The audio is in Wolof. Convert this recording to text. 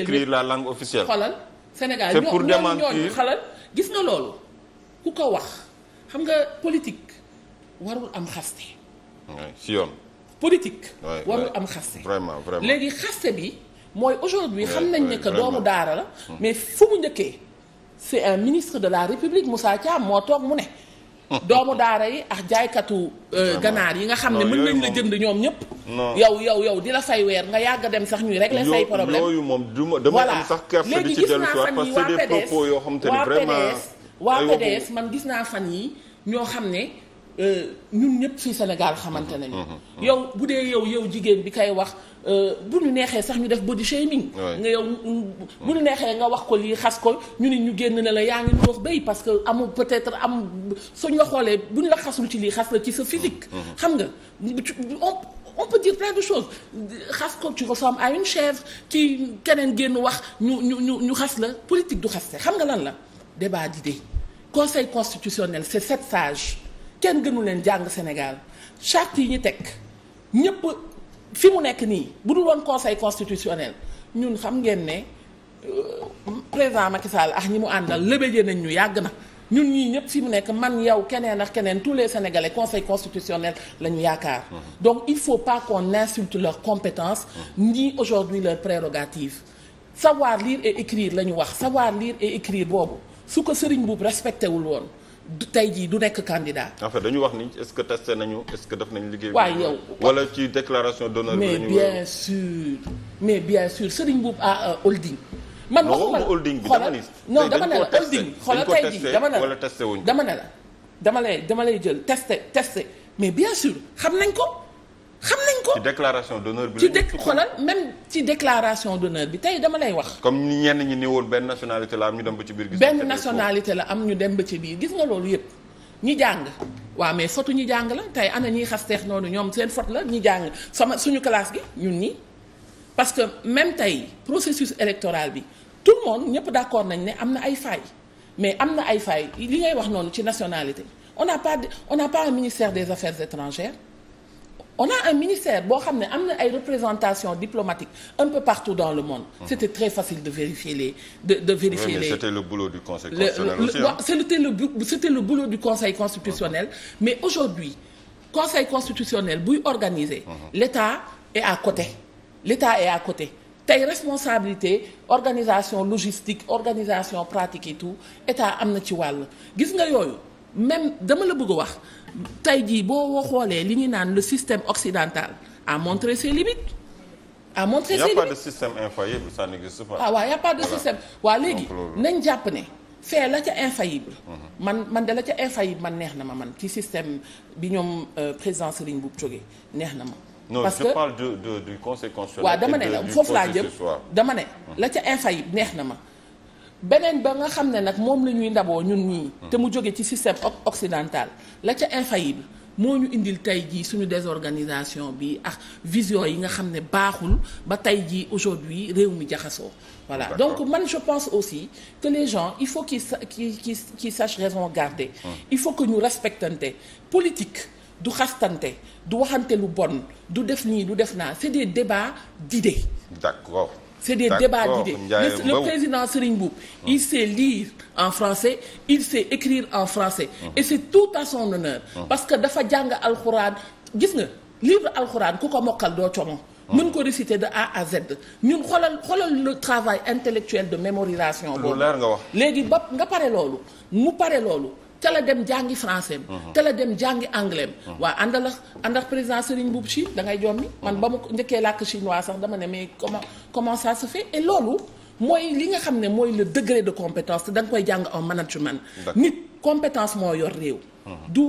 écrire la langue officielle xolal Sénégal c'est pour démentir ñooñu xalal gis na loolu ku ko wax xam nga politique warul am xaste si yoon politique warul am xaste vraiment léegi xaste bi mooy aujourd'hui xam nañ ne que doomu daara la hmm. mais fu mu njëkkee c'est un ministre de la République musaa Thiam moo toog mu ne hmm. doomu daara yi ak jaaykatu euh, ganaar yi nga xam ne mën nañ la jënd ñoom ñëpp yow yow yow di la fay weer nga yàgg dem sax ñuy régler say problème yooyu moom ma dama am sax kersa di ci dellu soir que c'est des propos yoo xam te ni waa PDS man gis naa fan yi ñoo xam ne euh, ñun ñëpp fii Sénégal xamante nañu. Mm-hmm, mm-hmm. yow bu dee yow yow jigéen bi kay wax euh, bu ñu neexee sax ñu def body shaming. nga yow bu ñu neexee nga wax ko lii xas ko ñu ni ñu génn ne la yaa ngi ñu wax béy parce que amul peut-être am suñ la xoolee bu ñu la xasul ci lii xas la ci sa physique. Mm-hmm, xam nga on. on peut dire plein de choses xas ko tu ressembles à une chèvre kii keneen génn wax ñu ñu ñu xas la politique du xas xaste xam nga lan la débat d'idées conseil constitutionnel c'est sept sage kenn gënu leen jàng Sénégal charte yi ñu teg ñëpp fi mu nekk nii bu dul woon conseil constitutionnel ñun xam ngeen ne euh, président Macky Sall ak ñi mu àndal lébéjee nañ ñu yàgg na. ñun ñii ñëpp fi mu nekk man yow keneen ak keneen tous les sénégalais conseil constitutionnel la ñu yaakaar. Mhm. donc il faut pas qu'on insulte leurs compétences. Mhm. ni aujourd'hui leurs prérogatives. savoir lire et écrire la ñu wax savoir lire et écrire boobu su ko Serigne Mboup respecté wul woon tey jii du nekk candidat. en fait dañu wax ni est-ce que testé nañu est-ce que def nañu liggéey. waaw yow wala ci déclaration d'honneur. mais bien sûr mais bien sûr Serigne Mboup a euh, holding. man waxuma holding bi dama ni non dama ne la holding xoolal tey jii dama ne la dama ne la dama jël testé testé mais bien sûr xam nañ ko xam nañ ko ci déclaration d'honneur bi ci dé xoolal même ci déclaration d'honneur bi tey dama lay wax. comme ni ñenn ñi ni woon benn nationalité la am ñu dem ci biir. gis benn nationalité la am ñu dem ba ci biir gis nga loolu yëpp ñi jàng waa mais fotu ñi jàng la tey ana ñiy xasteex noonu ñoom seen fot la ñi jàng sama suñu classe gi ñun ñi parce que même tey processus électoral bi tout le monde ñëpp d'accord nañ ne am na ay failles mais am na ay failles li ngay wax noonu ci nationalité on a pas on un ministère des affaires étrangères on a un ministère boo xam ne am na ay représentation diplomatique un peu partout dans le monde mmh. c'était très facile de vérifier les de de vérifier oui, mais les c'était le boulot du conseil constitutionnel aussi c'était le c'était le mmh. mais aujourd'hui conseil constitutionnel buy organiser uh mmh. -huh. l'État est à côté l'État est à côté tey responsabilité organisation logistique organisation pratique et tout état am na ci wàll gis nga yooyu même dama la bëgg a wax tey jii boo xoolee li ñuy naan le système occidental a montré ses limites. a montré ses limites ah y' a pas de système infaillible ça n'existe a pas de léegi nañ jàpp ne fee la ca infaillible. Mhm. man man de la ca infaillible man neex na ma man ci système bi ñoom euh, président Serigne Boub jógee neex na ma. non parce je que... parle de, de du conseil constitutionnel. waaw dama ne la foofu laa jëm dama ne. la ca infaillible neex na ma. beneen ba nga xam ne nag moom la ñuy ndaboo ñun ñii. te mu jóge ci système occidental la ca infaillible moo ñu indil tey jii suñu désorganisation bi ak vision yi nga xam ne baaxul ba tey jii aujourd'hui réew mi jaxasoo. voilà donc man je pense aussi que les gens il faut qu'ils qu'ils qu'ils sachent raison garder. il faut que ñu respectante politique. du xastante du waxante lu bon du def nii du def naa c'est des débat d'idées. d'accord c'est des débats d'idées le, le président Serigne Mboup mmh. il sait lire en français il sait écrire en français mmh. et c'est tout à son honneur parce que dafa jàng alxuraan gis nga livre alxuraan ku ko mokkal doo como mën ko réciter de A à Z ñun xoolal xoolal le travail intellectuel de mémorisation boobu leer nga wax léegi ba nga pare loolu mu pare loolu ca la dem jàngi français am uh-huh. ca la dem jàngi anglais am uh-huh. waa àndalax àndax président Serigne Boub Chine da ngay jommi man ba mu njëkkee làkk chinois sax dama ne mais comment comment ça se fait loolu mooy li nga xam ne mooy le degré de compétence te da nga koy jàng en management nit compétence moo yor réew uh-huh.